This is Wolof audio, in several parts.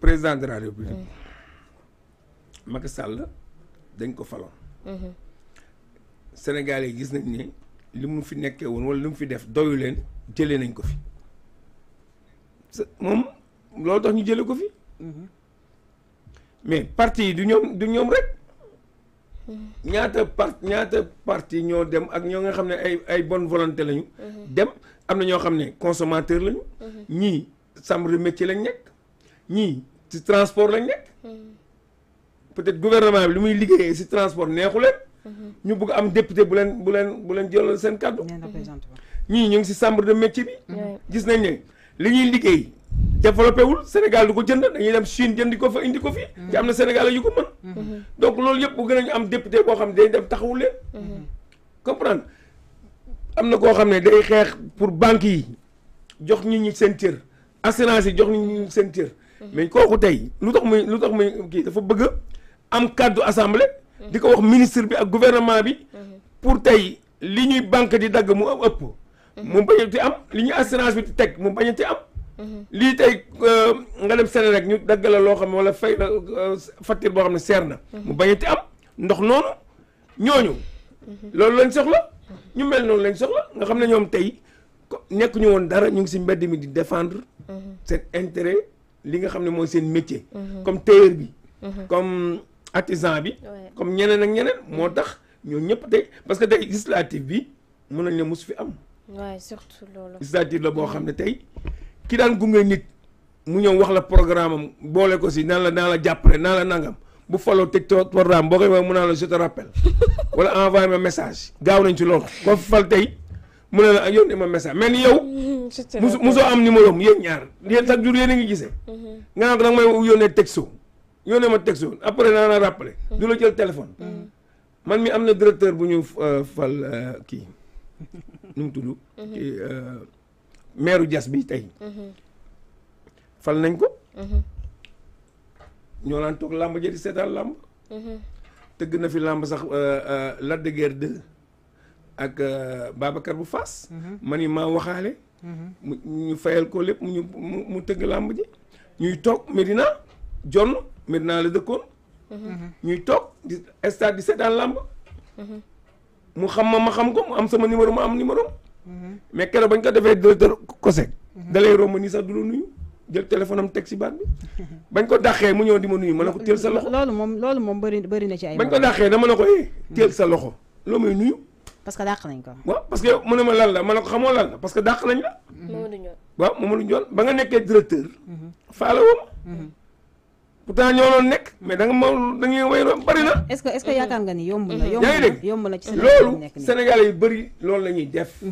président de la république. Macky Sall dañ ko faloon. Mhm. Sénégal yi gis nañ ne li mu fi nekkee woon wala li mu fi def doyu leen jëlee nañ ko fi moom loolu tax ñu jële ko fi. Mhm. mais parti yi du ñoom du ñoom rek. Mhm. ñaata part ñaata parti ñoo dem ak ñoo nga xam ne ay ay bonne volonté lañu. dem am na ñoo xam ne consommateur lañu. ñii chambre de métier lañ nekk. ñii ci transport lañ nekk. peut-être gouvernement bi lu muy liggéeyee si transport neexu leen. ñu bugg am député bu leen bu leen bu leen jëlal seen kàddu. ñii ñu ngi ci chambre de métier bi. gis nañ ne li ñuy liggéey développé wul Sénégal du ko jënd dañuy dem Chine jëndi ko fa indi ko fi. Mm. te am na Sénégal yu ko mën. Mm-hmm. donc loolu yëpp bëgg nañu am député boo xam ne day dem taxawul leen. Mm-hmm. comprendre am na koo xam ne day xeex pour banque yi jox nit ñi seen cër assurance yi jox nit ñi seen cër. mais kooku tey lu tax muy lu tax muy kii dafa bëgg am kàddu assemblée. di ko wax ministre bi ak gouvernement bi. pour tey li ñuy banque di dagg mu ëpp. mu bañati am li ñuy assurance bi di teg mu bañati am. lii tey euh, nga dem sene rek ñu dagg la loo xam ne wala fay la euh, facture boo xam ne seer na. mu bañati am ndox noonu ñooñu. loolu lañ soxla. ñu mel noonu lañ soxla nga xam ne ñoom tey nekk ñu woon dara ñu ngi si mbedd mi di défendre. seen intérêt. li nga xam ne mooy seen métier. Mhm. comme tailleur bi. Mhm. comme artisan bi. comme ñeneen ak ñeneen moo tax ñoo ñëpp tey parce que tey législative bi mën nañ ne mosu fi am. waaw surtout loolu. législative la boo xam ne tey ki daan gunge nit mu ñëw wax la programme am boole ko si naan la naa la jàppale naa la nangam bu faloo teg programme boo koy wax mu naan la je te rappelle wala envoyé ma message. gaaw nañ ci loolu ko fal tey. mu ne la ak yónnee ma message mais yow. musu mm, musoo mm, am numéro am yéen ñaar yéen chaque jour yéen a ngi gisee. Mm-hmm. nga naan ko nag may yónnee texto yónnee ma texto après naa la rappelé. Mm-hmm. du la jël téléphone. Mm-hmm. man mi am na directeur bu ñu euh, fal euh, kii nu mu tudd. kii euh, maire Diass bi tey. fal nañ ko. ñoo laan toog làmb jëri seetaan làmb. tëgg na fi làmb sax Lac de ak euh, Babacar bu Fass. man mhm. yi ma waxaale. Mhm. mu ñu fayal ko lépp mu mu tëgg làmb ji. ñuy toog Medina jonn Medina la dëkkoon. Mhm. ñuy toog di stade di seetaan làmb. mu xam ma ma xam ko mu am sama numéro mu am numéro mais keroog bañ ko defee directeur COSEC. da lay romb nii sax du la nuyu. jël téléphone am teg si baat bi bañ ko dàqee mu ñëw di ma nuyu ma ne ko teel sa loxo. loolu moom loolu moom bëri bëri na ci ay. bañ ko dàqee dama ne ko eh. teel sa loxo loo may nuyu. parce que dàq nañ ko. waaw parce que yow mu ne ma lan la ma ne ko xamoo lan la parce que dàq nañ la. Mamadou Ndiol waaw Mamadou Ndiol ba nga nekkee directeur. Mhm. faale woo ma. Mhm. pourtant ñoo doon nekk mais da nga ma da nga way bari na. est-ce que est-ce que yaakaar nga ni yomb la. Mhm. yaa ngi dégg yomb la ci loolu Sénégalais yu bëri loolu la ñuy def.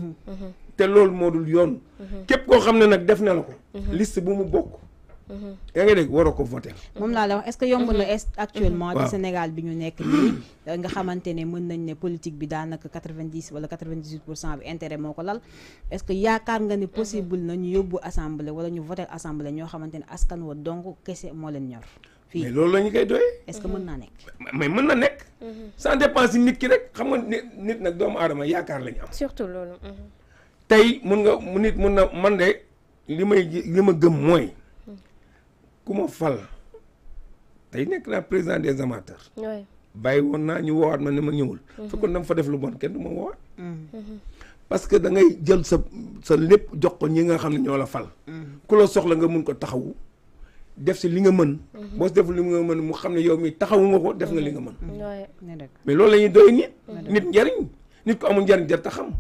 te loolu moo dul yoon. képp koo xam ne nag def na la ko. liste bu mu bokk. Mm-hmm. yaa ngi dégg waroo ko voté. moom laa la wax est que yomb na est actuellement. ci Sénégal bi ñu nekk nii. Mm-hmm. nga xamante ne mën nañ ne politique bi daanaka quatre-vingt-dix wala quatre-vingt-dix-huit pour cent bi intérêt moo ko lal est yaakaar nga ne mm-hmm. possible na ñu yóbbu assemblée wala ñu voté assemblée ñoo xamante ne askan wa donc kese moo leen ñor. fii loolu la ñu koy doyee. est-ce que mën naa nekk. mais mën na nekk. sans dépense nit ki rek xam nga nit nag doomu aadama yaakaar la am. surtout loolu. tey mun nga nit mun na man de li may li ma gëm mooy. ku ma fal tey nekk naa président des amateurs. bàyyi woon naa ñu woowaat ma ne ma ñëwul. Mhm. fekkoon dama fa def lu bon kenn du ma woowaat. Mhm. Mhm. parce que jël sa sa lépp jox ko ñi nga xam ne ñoo la fal. ku la soxla nga mun ko taxawu def si li nga mën. boo si deful li nga mën mu xam ne yow mi taxawu nga ko def nga li nga mën. mais loolu la ñuy doy nit. nit njariñ nit ko amul njariñ jar ta xam.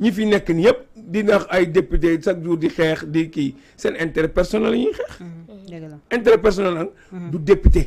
ñi fi nekk ni yëpp di nax ay député chaque jour di xeex di kii seen intérêt personnel la ñuy xeex. Mm-hmm. intérêt personnel nag du député.